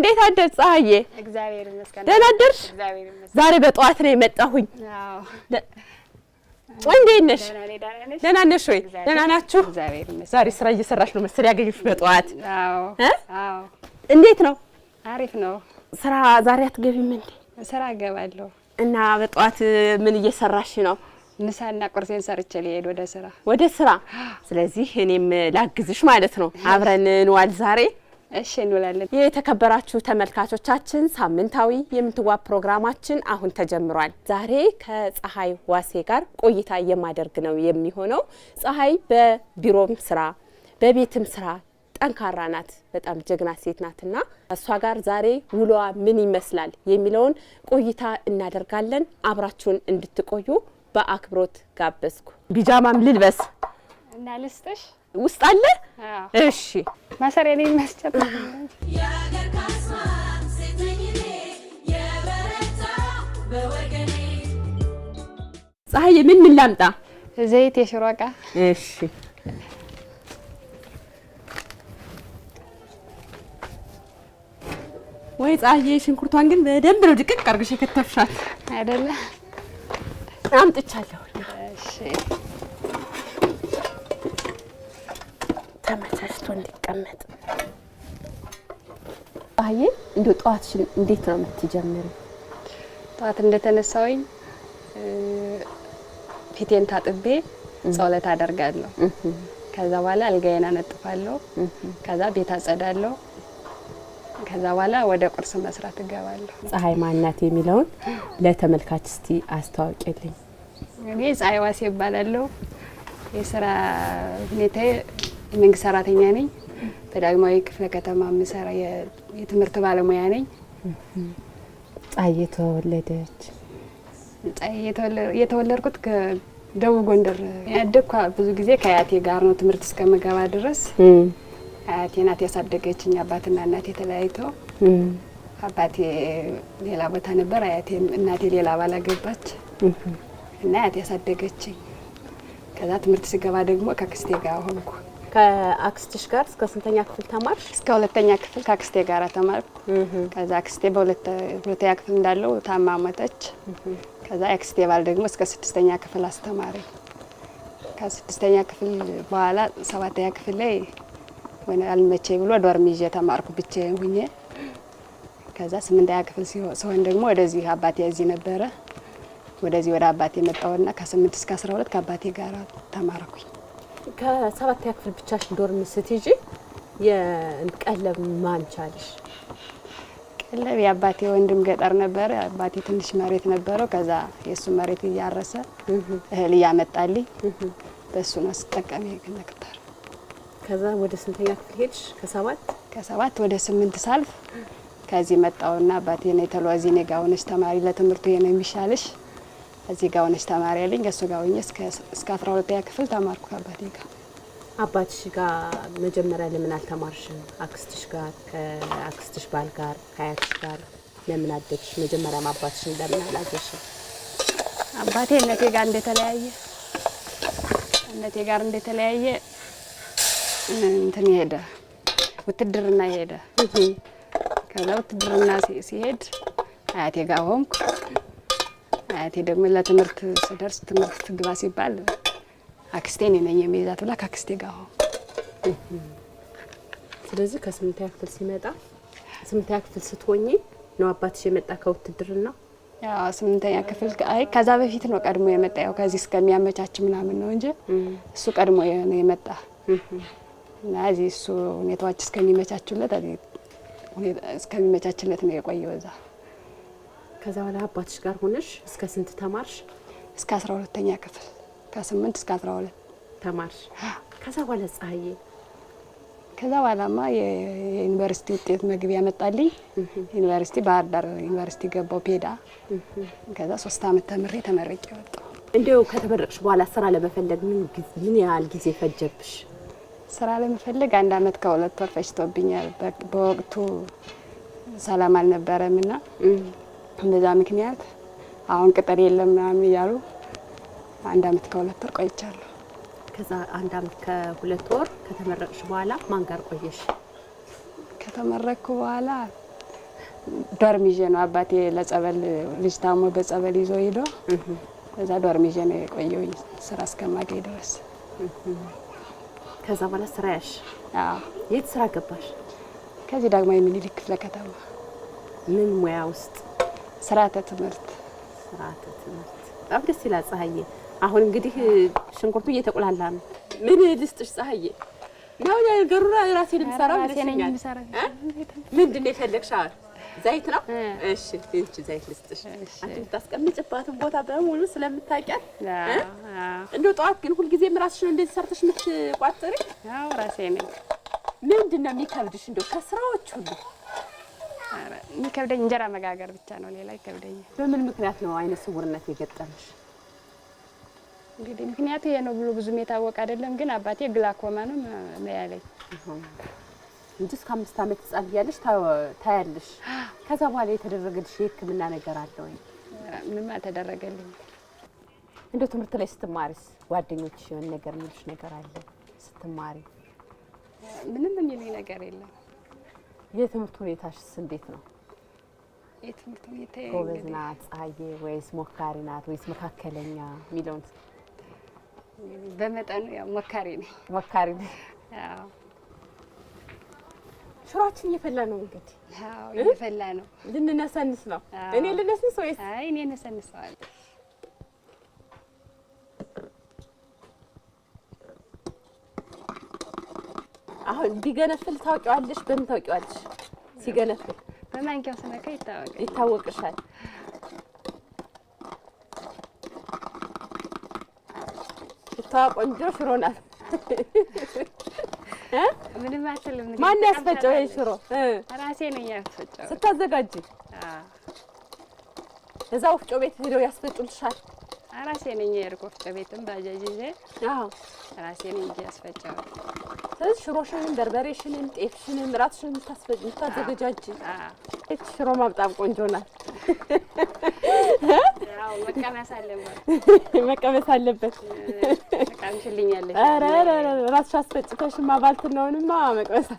እንዴት አደር ፀሐዬ? እግዚአብሔር ይመስገን። ደህና አደርሽ? ዛሬ በጠዋት ነው የመጣሁኝ። እንዴት ነሽ? ደህና ነሽ ወይ? ደህና ናችሁ? ዛሬ ስራ እየሰራሽ ነው መሰል ያገኘሁሽ በጠዋት። እንዴት ነው? አሪፍ ነው። ስራ ዛሬ አትገቢም እንዴ? ስራ እገባለሁ። እና በጠዋት ምን እየሰራሽ ነው? ምሳና ቁርሴን ሰርቼ ልሄድ ወደ ስራ ወደ ስራ። ስለዚህ እኔም ላግዝሽ ማለት ነው። አብረን እንዋል ዛሬ እሺ እንውላለን። የተከበራችሁ ተመልካቾቻችን ሳምንታዊ የምንትዋብ ፕሮግራማችን አሁን ተጀምሯል። ዛሬ ከፀሐይ ዋሴ ጋር ቆይታ የማደርግ ነው የሚሆነው። ፀሐይ በቢሮም ስራ በቤትም ስራ ጠንካራ ናት። በጣም ጀግና ሴት ናትና እሷ ጋር ዛሬ ውሏ ምን ይመስላል የሚለውን ቆይታ እናደርጋለን። አብራችሁን እንድትቆዩ በአክብሮት ጋበዝኩ። ቢጃማም ልልበስ እና ልስጥሽ ውስጥ አለ። እሺ ማሰሪያ ላይ የሚያስጨምር ፀሐይ፣ ምን ምን ላምጣ? ዘይት፣ የሽሮ እቃ። እሺ ወይ ፀሐይ፣ ሽንኩርቷን ግን በደንብ ነው ድቅቅ አድርገሽ የከተፍሻት አይደለ? አምጥቻለሁ። እሺ ተመቻችቶ እንዲቀመጥ። አየ እንዲሁ ጠዋትሽን እንዴት ነው የምትጀምሪ? ጠዋት እንደተነሳውኝ ፊቴን ታጥቤ ጸሎት አደርጋለሁ። ከዛ በኋላ አልጋዬን አነጥፋለሁ። ከዛ ቤት አጸዳለሁ። ከዛ በኋላ ወደ ቁርስ መስራት እገባለሁ። ፀሐይ ማናት የሚለውን ለተመልካች እስቲ አስተዋውቂልኝ። እኔ ፀሐይ ዋሴ ይባላለሁ። የስራ ሁኔታዬ የመንግስት ሰራተኛ ነኝ። በዳግማዊ ክፍለ ከተማ የምሰራ የትምህርት ባለሙያ ነኝ። ጸሐዬ ተወለደች። የተወለድኩት ከደቡብ ጎንደር ያደግኩ ብዙ ጊዜ ከአያቴ ጋር ነው። ትምህርት እስከ እስከምገባ ድረስ አያቴ ናት ያሳደገችኝ። አባትና እናቴ ተለያይተው አባቴ ሌላ ቦታ ነበር፣ እናቴ ሌላ ባላገባች አገባች እና አያቴ ያሳደገችኝ። ከዛ ትምህርት ስገባ ደግሞ ከክስቴ ጋር ሆንኩ። ከአክስትሽ ጋር እስከ ስንተኛ ክፍል ተማርሽ? እስከ ሁለተኛ ክፍል ከአክስቴ ጋር ተማርኩ። ከዛ አክስቴ በሁለተኛ ክፍል እንዳለው ታማመጠች። ከዛ አክስቴ ባል ደግሞ እስከ ስድስተኛ ክፍል አስተማሪ። ከስድስተኛ ክፍል በኋላ ሰባተኛ ክፍል ላይ ወይ አልመቼ ብሎ ዶርም ይዤ ተማርኩ ብቻዬን ሁኜ። ከዛ ስምንተኛ ክፍል ሲሆን ደግሞ ወደዚህ አባቴ እዚህ ነበረ። ወደዚህ ወደ አባቴ መጣሁና ከስምንት እስከ አስራ ሁለት ከአባቴ ጋር ተማርኩኝ። ከሰባተኛ ክፍል ብቻሽን ዶርም ስትሄጂ የቀለብ ማን ቻልሽ? ቀለብ የአባቴ ወንድም ገጠር ነበረ። አባቴ ትንሽ መሬት ነበረው። ከዛ የእሱ መሬት እያረሰ እህል እያመጣልኝ በእሱ ነው ስጠቀም ነበር። ከዛ ወደ ስንተኛ ክፍል ሄድሽ? ከሰባት ከሰባት ወደ ስምንት ሳልፍ ከዚህ መጣውና አባቴ ነው ኔጋ ሆነች ተማሪ ለትምህርቱ ነው የሚሻልሽ እዚህ ጋር ሆነች ተማሪ ያለኝ ከእሱ ጋር ሆኜ እስከ አስራ ሁለተኛ ክፍል ተማርኩ ከአባቴ ጋር። አባትሽ ጋር መጀመሪያ ለምን አልተማርሽም? አክስትሽ ጋር ከአክስትሽ ባል ጋር ከአያትሽ ጋር ለምን አደግሽ? መጀመሪያም አባትሽን ለምን አላየሽም? አባቴ እነቴ ጋር እንደተለያየ እነቴ ጋር እንደተለያየ እንትን ሄደ፣ ውትድርና ሄደ። ከዛ ውትድርና ሲሄድ አያቴ ጋር ሆንኩ። አያቴ ደግሞ ለትምህርት ስደርስ ትምህርት ትግባ ሲባል አክስቴ እኔ ነኝ የሚይዛት ብላ ከአክስቴ ጋር ሆ ስለዚህ ከስምንተኛ ክፍል ሲመጣ ስምንተኛ ክፍል ስትሆኝ ነው አባትሽ የመጣ ከውትድርና ስምንተኛ ክፍል አይ ከዛ በፊት ነው ቀድሞ የመጣ ያው ከዚህ እስከሚያመቻች ምናምን ነው እንጂ እሱ ቀድሞ የመጣ እና እዚህ እሱ ሁኔታዎች እስከሚመቻችለት እስከሚመቻችለት ነው የቆየው እዛ ከዛ በኋላ አባትሽ ጋር ሆነሽ እስከ ስንት ተማርሽ? እስከ 12ኛ ክፍል ከ8 እስከ 12 ተማርሽ። ከዛ በኋላ ፀሐዬ፣ ከዛ በኋላማ የዩኒቨርሲቲ ውጤት መግቢያ መጣልኝ። ዩኒቨርሲቲ ባህር ዳር ዩኒቨርሲቲ ገባው ፔዳ። ከዛ ሶስት አመት ተምሬ ተመረቄ ወጣሁ። እንዲው ከተመረቅሽ በኋላ ስራ ለመፈለግ ምን ያህል ጊዜ ፈጀብሽ? ስራ ለመፈለግ አንድ አመት ከሁለት ወር ፈጅቶብኛል። በወቅቱ ሰላም አልነበረም እና? በዛ ምክንያት አሁን ቅጥር የለም ምናምን እያሉ አንድ አመት ከሁለት ወር ቆይቻለሁ። ከዛ አንድ አመት ከሁለት ወር ከተመረቅሽ በኋላ ማን ጋር ቆየሽ? ከተመረቅኩ በኋላ ዶርም ይዤ ነው አባቴ ለጸበል ልጅ ታሞ በጸበል ይዞ ሄዶ እዛ ዶርም ይዤ ነው የቆየው ስራ እስከማገኝ ድረስ። ከዛ በኋላ ስራ ያሽ? የት ስራ ገባሽ? ከዚህ ዳግማዊ ምኒልክ ክፍለ ከተማ። ምን ሙያ ውስጥ ስርዓተ ትምህርት ስርዓተ ትምህርት በጣም ደስ ይላል። ፀሐዬ አሁን እንግዲህ ሽንኩርቱ እየተቆላላ ነው። ምን ልስጥሽ ፀሐዬ? ነው ነገሩ ራሴን የምሰራው ምንድን ነው የፈለግሽ? ዘይት ነው። እሺ እንቺ ዘይት ልስጥሽ። አንቺ የምታስቀምጭባትን ቦታ በሙሉ ስለምታውቂያት እንደው ጠዋት ግን ሁልጊዜም ራስሽ ነው እንደዚህ ሰርተሽ የምትቋጥሪ? አዎ ራሴ ነኝ። ምንድን ነው የሚከብድሽ እንደው ከስራዎች ሁሉ የሚከብደኝ እንጀራ መጋገር ብቻ ነው፣ ሌላ ይከብደኝ። በምን ምክንያት ነው አይነ ስውርነት የገጠመሽ? እንግዲህ ምክንያቱ ይሄ ነው ብሎ ብዙም የታወቀ አይደለም፣ ግን አባቴ ግላኮማ ነው ነው ያለኝ እንጂ እስከ አምስት አመት ህጻን እያለሽ ታያለሽ። ከዛ በኋላ የተደረገልሽ የህክምና ነገር አለ ወይ? ምንም አልተደረገልኝም። እንደ ትምህርት ላይ ስትማሪስ ጓደኞች የሆነ ነገር የሚሉሽ ነገር አለ? ስትማሪ ምንም የሚሉኝ ነገር የለም። የትምህርት ሁኔታሽስ እንዴት ነው? የትምህርት ሁኔታ ጎበዝ ናት ፀሐዬ ወይስ ሞካሪ ናት ወይስ መካከለኛ የሚለውን በመጠኑ ያው ሞካሪ ነኝ። ሞካሪ ነኝ። አዎ ሽሯችን እየፈላ ነው። እንግዲህ እየፈላ ነው። ልንነሰንስ ነው። እኔ ልነስንስ ወይስ? አይ እኔ እነሰንሰዋለሁ። አሁን ቢገነፍል ታውቂዋለሽ? በምን ታውቂዋለሽ ሲገነፍል? በማንኪያው ስነካ ይታወቃል ይታወቅሻል። ቆንጆ ሽሮ ናት። ምንም አትልም። ማን ያስፈጨው ይሄ ሽሮ? ራሴ ነኝ ያስፈጨው። ስታዘጋጅ እዛ ወፍጮ ቤት ሄደው ያስፈጩልሻል? ራሴ ነኝ የሄድኩ ወፍጮ ቤትም ባጃጅ ይዤ ራሴ ነኝ ያስፈጨው። ስለዚህ ሽሮሽንም በርበሬሽንም ጤፍሽንም ራትሽን የምታዘገጃጅ ሽሮ ማብጣም ቆንጆ ናት። መቀመስ አለበት። ራትሽ አስፈጭተሽማ ባልትናውንማ መቅመስ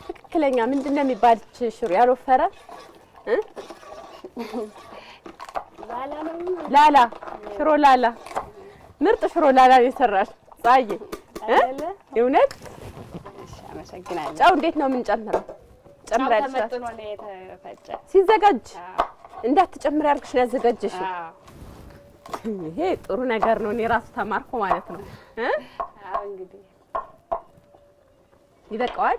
ትክክለኛ ምንድን ነው የሚባል ሽሮ ያልወፈረ ላላ ሽሮ ላላ ምርጥ ሽሮ ላላ የሰራሽ ፀሐዬ እውነት ጨው እንዴት ነው የምንጨምረው? ጨምራለሽ ሲዘጋጅ እንዳትጨምር ያልኩሽ ነው ያዘጋጀሽ። ይሄ ጥሩ ነገር ነው። እኔ ራሱ ተማርኩ ማለት ነው። ይበቃዋል።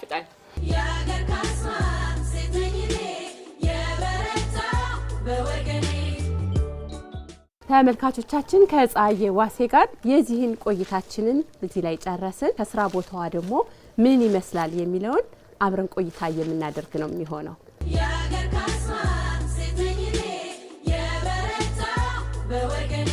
ተመልካቾቻችን ከፀሐዬ ዋሴ ጋር የዚህን ቆይታችንን እዚህ ላይ ጨረስን። ከስራ ቦታዋ ደግሞ ምን ይመስላል የሚለውን አብረን ቆይታ የምናደርግ ነው የሚሆነው። የአገር ሴተኝኔ የበረታ በወገን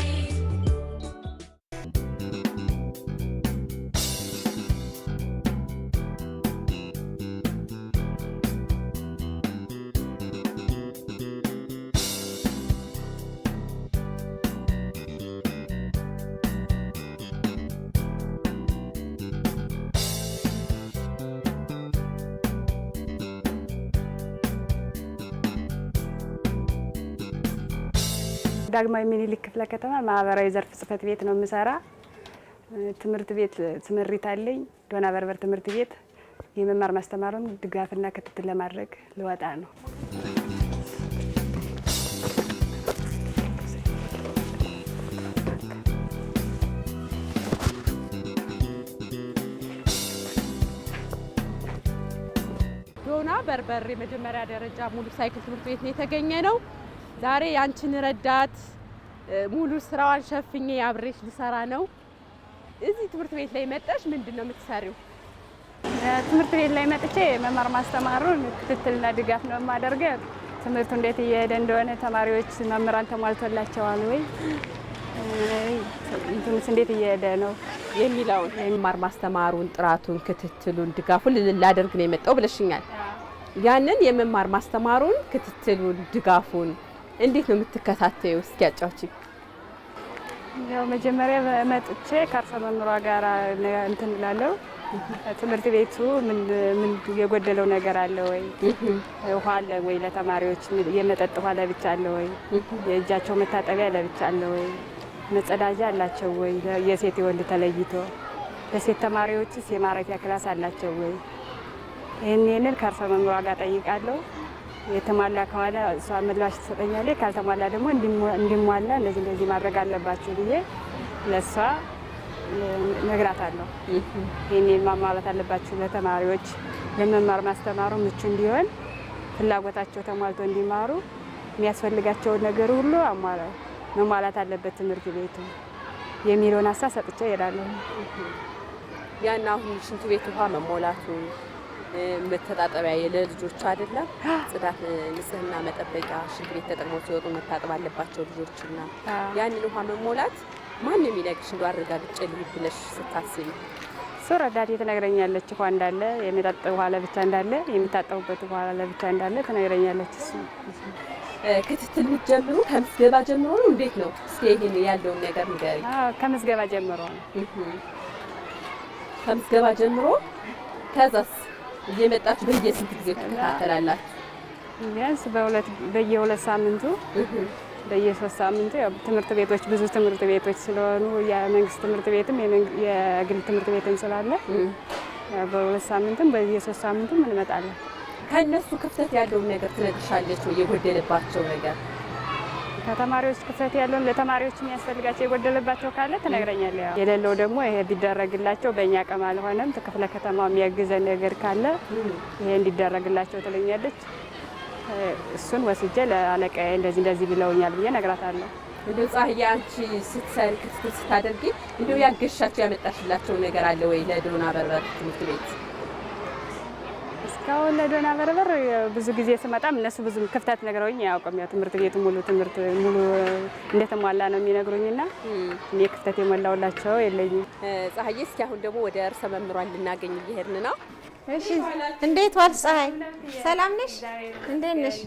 ዳግማዊ ምኒልክ ክፍለ ከተማ ማህበራዊ ዘርፍ ጽህፈት ቤት ነው የምሰራ። ትምህርት ቤት ስምሪት አለኝ። ዶና በርበር ትምህርት ቤት የመማር ማስተማሩን ድጋፍና ክትትል ለማድረግ ልወጣ ነው። ዶና በርበር የመጀመሪያ ደረጃ ሙሉ ሳይክል ትምህርት ቤት የተገኘ ነው። ዛሬ ያንቺን ረዳት ሙሉ ስራዋን ሸፍኜ አብሬሽ ልሰራ ነው። እዚህ ትምህርት ቤት ላይ መጣሽ፣ ምንድን ነው የምትሰሪው? ትምህርት ቤት ላይ መጥቼ መማር ማስተማሩን ክትትልና ድጋፍ ነው የማደርገው። ትምህርቱ እንዴት እየሄደ እንደሆነ ተማሪዎች፣ መምህራን ተሟልቶላቸዋል ወይ ትምህርት እንዴት እየሄደ ነው የሚለው መማር ማስተማሩን፣ ጥራቱን፣ ክትትሉን፣ ድጋፉን ላደርግ ነው የመጣው ብለሽኛል። ያንን የመማር ማስተማሩን ክትትሉን ድጋፉን እንዴት ነው የምትከታተዩ? እስኪ ያጫውቺ። ያው መጀመሪያ መጥቼ ከአርሶ መምሯ ጋር እንትን እላለሁ። ትምህርት ቤቱ ምን የጎደለው ነገር አለ ወይ? ውሃ አለ ወይ? ለተማሪዎች የመጠጥ ውሃ ለብቻ አለ ወይ? የእጃቸው መታጠቢያ ለብቻ አለ ወይ? መጸዳጃ አላቸው ወይ? የሴት የወንድ ተለይቶ ለሴት ተማሪዎችስ የማረፊያ ክላስ አላቸው ወይ? ይህንን ከአርሶ መምሯ ጋር ጠይቃለሁ። የተሟላ ከኋላ እሷ ምላሽ ትሰጠኛለች። ካልተሟላ ደግሞ እንዲሟላ እንደዚህ እንደዚህ ማድረግ አለባችሁ ብዬ ለእሷ ነግራታለሁ። ይህኔ ማሟላት አለባችሁ ለተማሪዎች ለመማር ማስተማሩ ምቹ እንዲሆን ፍላጎታቸው ተሟልቶ እንዲማሩ የሚያስፈልጋቸውን ነገር ሁሉ መሟላት አለበት ትምህርት ቤቱ የሚለውን ሀሳብ ሰጥቼ እሄዳለሁ። ያን አሁን ሽንት ቤት ውሃ መሞላቱ መተጣጠቢያ ለልጆቹ አይደለም ጽዳት ንጽህና መጠበቂያ ሽንት ቤት ተጠቅመው ሲወጡ መታጠብ አለባቸው ልጆችና ያንን ውሃ መሞላት ማንም ይነግርሽ እንደ አድርጋ ብጭ ልሂድ ብለሽ ስታስቢ እሱ ረዳት ትነግረኛለች። ውሃ እንዳለ የሚጠጣው ውሃ ለብቻ እንዳለ የሚታጠቡበት ውሃ ለብቻ እንዳለ ትነግረኛለች። እሱ ክትትል ጀምሩ ከምዝገባ ጀምሮ ነው? እንዴት ነው? እስኪ ይህን ያለውን ነገር ንገሪ። ከምዝገባ ጀምሮ ነው። ከምዝገባ ጀምሮ ከዛስ እየመጣችሁ በየስንት ጊዜው ትከታተላላችሁ? ቢያንስ በሁለት በየሁለት ሳምንቱ በየሶስት ሳምንቱ ያው ትምህርት ቤቶች ብዙ ትምህርት ቤቶች ስለሆኑ የመንግስት ትምህርት ቤትም የግል ትምህርት ቤትም ስላለ በሁለት ሳምንትም በየሶስት ሳምንቱም እንመጣለን። ከእነሱ ክፍተት ያለውን ነገር ትነግርሻለች ወይ የጎደለባቸው ነገር ከተማሪዎች ክፍተት ያለውም ለተማሪዎች የሚያስፈልጋቸው የጎደለባቸው ካለ ትነግረኛል። ያው የሌለው ደግሞ ይሄ ቢደረግላቸው በእኛ ቀም አልሆነም፣ ክፍለ ከተማው የሚያግዘ ነገር ካለ ይሄ እንዲደረግላቸው ትለኛለች። እሱን ወስጄ ለአለቃዬ እንደዚህ እንደዚህ ብለውኛል ብዬ ነግራታለሁ። እንዲሁ ፀሐይ አንቺ ስትሰሪ ክትትል ስታደርጊ እንዲሁ ያገሻቸው ያመጣሽላቸው ነገር አለ ወይ ለድሮን አበራ ትምህርት ቤት? እስካሁን ዶና በርበር ብዙ ጊዜ ስመጣም እነሱ ብዙ ክፍተት ነግረውኝ አያውቅም። ያው ትምህርት ቤቱ ሙሉ ትምህርት ሙሉ እንደተሟላ ነው የሚነግሩኝ የሚነግሩኝና እኔ ክፍተት የሞላውላቸው የለኝም። ፀሐዬ፣ እስኪ አሁን ደግሞ ወደ እርሰ መምሯን ልናገኝ እየሄድን ነው። እሺ፣ እንዴት ዋልሽ ፀሐይ? ሰላም ነሽ? እንዴት ነሽ?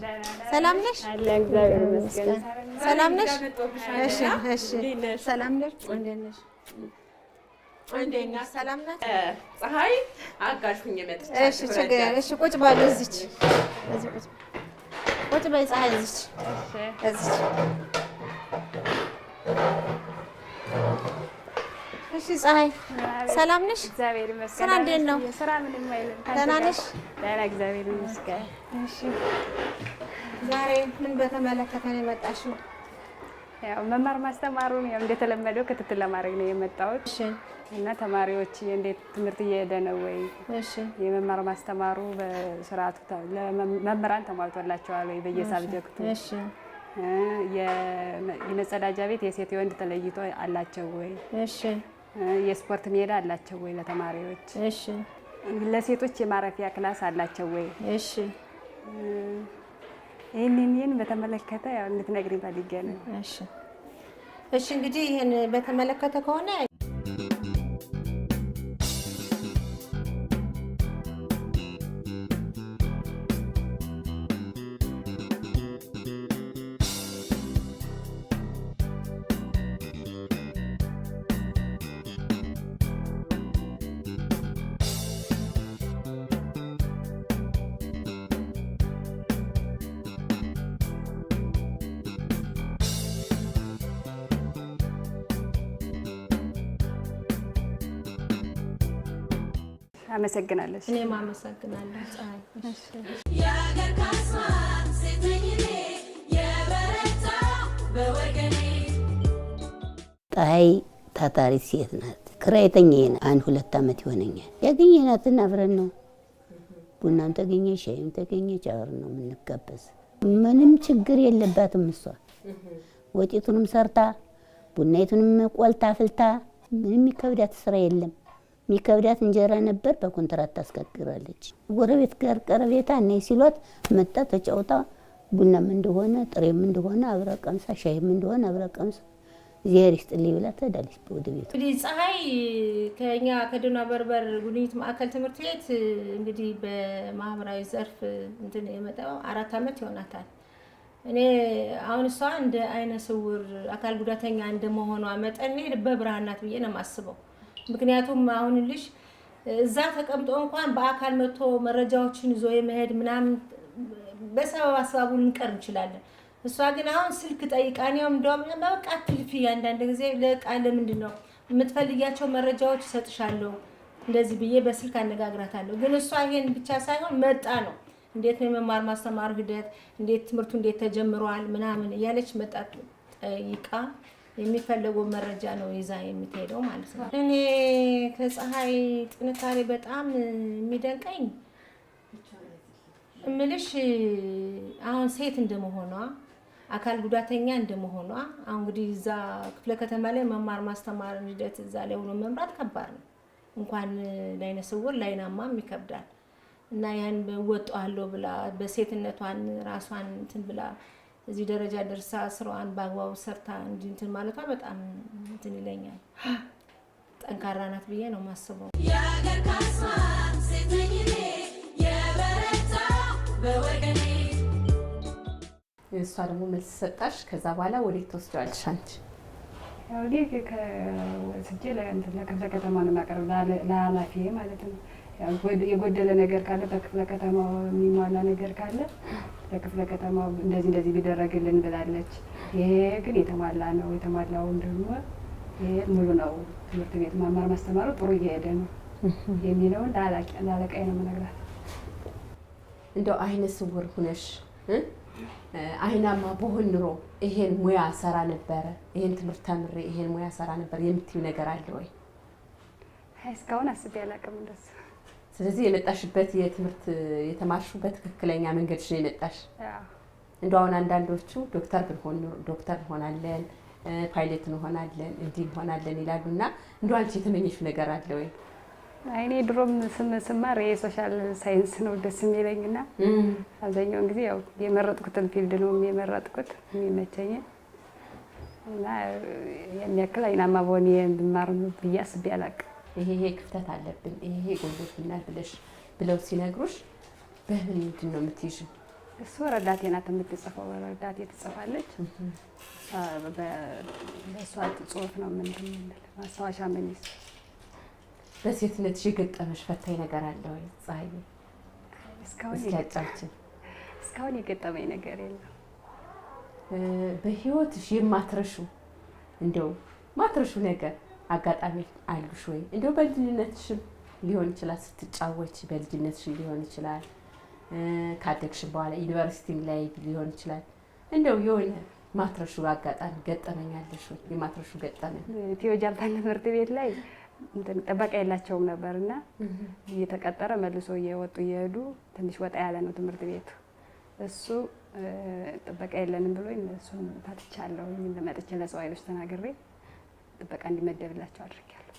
ሰላም ነሽ? አለ እግዚአብሔር ይመስገን። ሰላም ነሽ? እሺ፣ እሺ፣ ሰላም ነሽ? እንዴት ነሽ? እንዴት ሰላም ናት? ፀሐይ አጋዥ ሁኜ እሺ ቁጭ በል እዚች ቁጭ በይ ፀሐይ እዚች እዚች። እሺ ፀሐይ ሰላም ነሽ? እግዚአብሔር ይመስገን። ስራ እንዴት ነው? ስራ ምንም አይልም። ደህና ነሽ? ደህና እግዚአብሔር ይመስገን። እሺ ዛሬ ምን በተመለከተ ነው የመጣሽው? ያው መማር ማስተማሩን ያው እንደተለመደው ክትትል ለማድረግ ነው የመጣሁት። እሺ። እና ተማሪዎች እንዴት ትምህርት እየሄደ ነው ወይ? እሺ። የመማር ማስተማሩ በስርዓቱ መምህራን ተሟልቶላቸዋል ወይ በየሳብጀክቱ? እሺ። የመጸዳጃ ቤት የሴት የወንድ ተለይቶ አላቸው ወይ? እሺ። የስፖርት ሜዳ አላቸው ወይ ለተማሪዎች? እሺ። ለሴቶች የማረፊያ ክላስ አላቸው ወይ? እሺ። ይህንን ይህን በተመለከተ እንድትነግሪኝ ፈልጌ ነው። እሺ እንግዲህ ይህን በተመለከተ ከሆነ ታመሰግናለች። እኔም አመሰግናለሁ ፀሐይ ታታሪ ሴት ናት። ክራይተኛ አንድ ሁለት ዓመት ይሆነኛል። ያገኘናትን አብረን ነው ቡናም ተገኘ ሻይም ተገኘ ጫር ነው የምንጋበዝ። ምንም ችግር የለባትም እሷ ወጤቱንም ሰርታ ቡናይቱንም ቆልታ ፍልታ ምንም የሚከብዳት ስራ የለም። የሚከብዳት እንጀራ ነበር። በኮንትራት ታስጋግራለች። ጎረቤት ጋር ቀረቤታ እኔ ሲሏት መጣ ተጫውታ ቡናም እንደሆነ ጥሬም እንደሆነ አብረ ቀምሳ ሻይም እንደሆነ አብረ ቀምሳ እግዚአብሔር ይስጥልኝ ብላ ተዳለች። በወደ ቤቱ እንግዲህ ፀሐይ ከኛ ከደና በርበር ጉብኝት ማዕከል ትምህርት ቤት እንግዲህ በማህበራዊ ዘርፍ እንትን የመጣው አራት ዓመት ይሆናታል። እኔ አሁን እሷ እንደ አይነ ስውር አካል ጉዳተኛ እንደመሆኗ መጠን በብርሃን ናት ብዬ ነው የማስበው ምክንያቱም አሁን ልሽ እዛ ተቀምጦ እንኳን በአካል መጥቶ መረጃዎችን ይዞ የመሄድ ምናምን በሰበብ አስባቡ ልንቀር እንችላለን። እሷ ግን አሁን ስልክ ያው እንደውም በቃ አትልፊ፣ አንዳንድ ጊዜ ለቃ ለምንድን ነው የምትፈልጊያቸው መረጃዎች እሰጥሻለሁ እንደዚህ ብዬ በስልክ አነጋግራታለሁ። ግን እሷ ይሄን ብቻ ሳይሆን መጣ ነው እንዴት ነው የመማር ማስተማር ሂደት እንዴት ትምህርቱ እንዴት ተጀምሯል ምናምን እያለች መጣ ጠይቃ የሚፈለጉ መረጃ ነው ይዛ የምትሄደው ማለት ነው። እኔ ከፀሐይ ጥንካሬ በጣም የሚደንቀኝ እምልሽ አሁን ሴት እንደመሆኗ አካል ጉዳተኛ እንደመሆኗ አሁን እንግዲህ እዛ ክፍለ ከተማ ላይ መማር ማስተማር ሂደት እዛ ላይ ሆኖ መምራት ከባድ ነው። እንኳን ላይነ ስውር ላይናማም ይከብዳል እና ያን ወጣዋለሁ ብላ በሴትነቷን ራሷን እንትን ብላ እዚህ ደረጃ ደርሳ ስራዋን በአግባቡ ሰርታ እንትን ማለቷ በጣም እንትን ይለኛል። ጠንካራ ናት ብዬ ነው የማስበው። የሀገር ካሷ ሴተኝኔ የበረታ በወገኔ እሷ ደግሞ መልስ ሰጣሽ። ከዛ በኋላ ወዴት ተወስደዋለሽ አንቺ? ወዴት ስጄ ለከተማ ነው የማቀርብ ለኃላፊ ማለት ነው የጎደለ ነገር ካለ በክፍለ ከተማው የሚሟላ ነገር ካለ በክፍለ ከተማው እንደዚህ እንደዚህ ቢደረግልን ብላለች። ይሄ ግን የተሟላ ነው። የተሟላውን ደግሞ ይሄ ሙሉ ነው። ትምህርት ቤት መማር ማስተማሩ ጥሩ እየሄደ ነው የሚለውን ላለቃዬ ነው የምነግራት። እንደው አይነ ስውር ሁነሽ አይናማ በሆን ኑሮ ይሄን ሙያ ሰራ ነበረ፣ ይሄን ትምህርት ተምሬ ይሄን ሙያ ሰራ ነበር የምትይው ነገር አለ ወይ? እስካሁን አስቤ አላውቅም እንደሱ ስለዚህ የመጣሽበት የትምህርት የተማርሽበት ትክክለኛ መንገድ ነው የመጣሽ። እንደው አሁን አንዳንዶቹ ዶክተር ብንሆን ዶክተር እንሆናለን፣ ፓይለት እንሆናለን፣ እንዲህ እንሆናለን ይላሉ እና እንደው አንቺ የተመኘሽው ነገር አለ ወይ? እኔ ድሮም ስም ስማር የሶሻል ሳይንስ ነው ደስ የሚለኝ እና አብዛኛውን ጊዜ ያው የመረጥኩትን ፊልድ ነው የመረጥኩት የሚመቸኝ እና የሚያክል አይናማ በሆን ብማር ብዬ አስቤ አላውቅም። ይሄ ይሄ ክፍተት አለብን፣ ይሄ ይሄ ጎልቶብናል ብለሽ ብለው ሲነግሩሽ በምን ምንድን ነው የምትይዥ? እሱ ረዳቴ ናት የምትጽፈው፣ ረዳቴ ትጽፋለች። በእሷ ጽሁፍ ነው ምንድን ማስታወሻ ምንስ ሺ ገጠመሽ ፈታኝ ነገር አለ ወይ ፀሐይ? እስኪያጫችን እስካሁን የገጠመኝ ነገር የለም። በህይወትሽ የማትረሹ እንደው ማትረሹ ነገር አጋጣሚ አሉሽ ወይ? እንዲሁ በልጅነትሽም ሊሆን ይችላል ስትጫወች፣ በልጅነትሽም ሊሆን ይችላል ካደግሽም በኋላ ዩኒቨርሲቲም ላይ ሊሆን ይችላል እንደው የሆነ ማትረሹ አጋጣሚ ገጠመኝ አለሽ ወይ? የማትረሹ ገጠመኝ ኢትዮ ጃፓን ትምህርት ቤት ላይ ጠበቃ የላቸውም ነበር እና እየተቀጠረ መልሶ እየወጡ እየሄዱ ትንሽ ወጣ ያለ ነው ትምህርት ቤቱ። እሱ ጥበቃ የለንም ብሎ እሱን ታትቻለሁ መጥቼ ለሰው ኃይሎች ተናግሬ ጥበቃ እንዲመደብላቸው አድርጊያለሁ።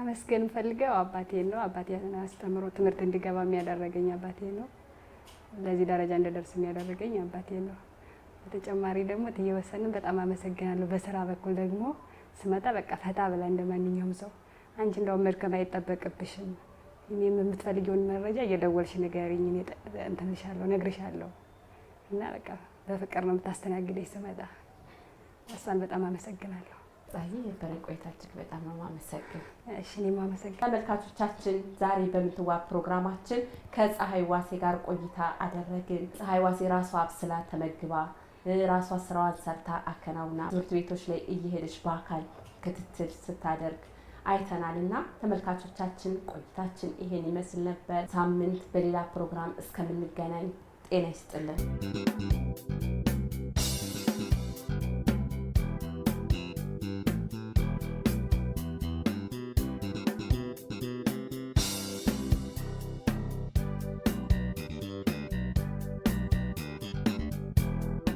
አመስገን ፈልገው አባቴ ነው። አባቴ አስተምሮ ትምህርት እንዲገባ የሚያደረገኝ አባቴ ነው። ለዚህ ደረጃ እንደደርስ የሚያደረገኝ አባቴ ነው። በተጨማሪ ደግሞ እትዬ ወሰንን በጣም አመሰግናለሁ። በስራ በኩል ደግሞ ስመጣ በቃ ፈታ ብላ እንደ ማንኛውም ሰው አንቺ እንደውም መድከም አይጠበቅብሽም፣ እኔም የምትፈልጊውን መረጃ እየደወልሽ ንገሪኝ፣ እንትንሻለሁ፣ ነግርሻለሁ እና በቃ በፍቅር ነው የምታስተናግደኝ ስመጣ። እሷን በጣም አመሰግናለሁ። ፀሐይ በመቆየታችን በጣም ነው ማመሰግን። እሺ እኔም አመሰግን። ተመልካቾቻችን ዛሬ በምትዋብ ፕሮግራማችን ከፀሐይ ዋሴ ጋር ቆይታ አደረግን። ፀሐይ ዋሴ ራሷ አብስላ ተመግባ ራሷ ስራዋን ሰርታ አከናውና ትምህርት ቤቶች ላይ እየሄደች በአካል ክትትል ስታደርግ አይተናል እና ተመልካቾቻችን ቆይታችን ይሄን ይመስል ነበር። ሳምንት በሌላ ፕሮግራም እስከምንገናኝ ጤና ይስጥልን።